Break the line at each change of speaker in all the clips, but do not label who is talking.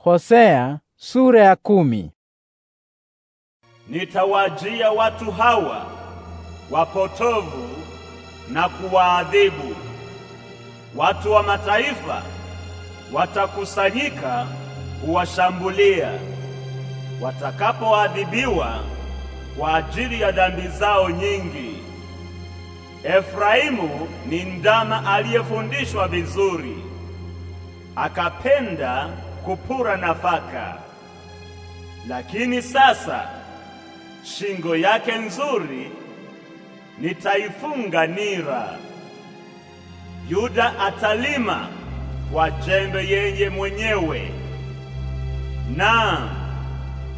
Hosea sura ya kumi. Nitawajia watu hawa wapotovu na kuwaadhibu. Watu wa mataifa watakusanyika kuwashambulia watakapoadhibiwa kwa ajili ya dhambi zao nyingi. Efraimu ni ndama aliyefundishwa vizuri, akapenda kupura nafaka, lakini sasa shingo yake nzuri nitaifunga nira. Yuda atalima kwa jembe yeye mwenyewe, na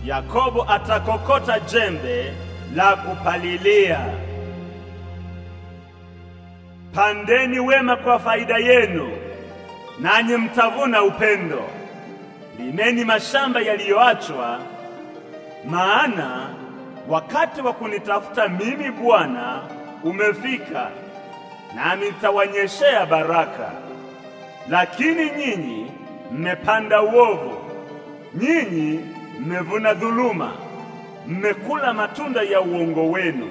Yakobo atakokota jembe la kupalilia. Pandeni wema kwa faida yenu, nanyi mtavuna upendo limeni mashamba yaliyoachwa, maana wakati wa kunitafuta mimi Bwana umefika, nami nitawanyeshea baraka. Lakini nyinyi mmepanda uovu, nyinyi mmevuna dhuluma, mmekula matunda ya uongo wenu.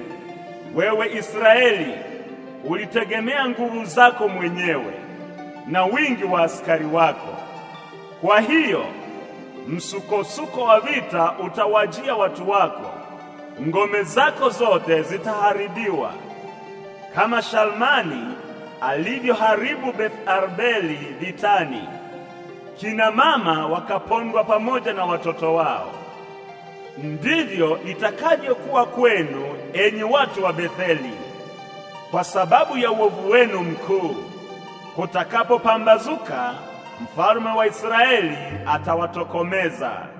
Wewe Israeli, ulitegemea nguvu zako mwenyewe na wingi wa askari wako, kwa hiyo Msukosuko wa vita utawajia watu wako, ngome zako zote zitaharibiwa. Kama Shalmani alivyoharibu Beth Arbeli vitani, kina mama wakapondwa pamoja na watoto wao. Ndivyo itakavyokuwa kwenu, enyi watu wa Betheli, kwa sababu ya uovu wenu mkuu kutakapopambazuka mfalme wa Israeli atawatokomeza.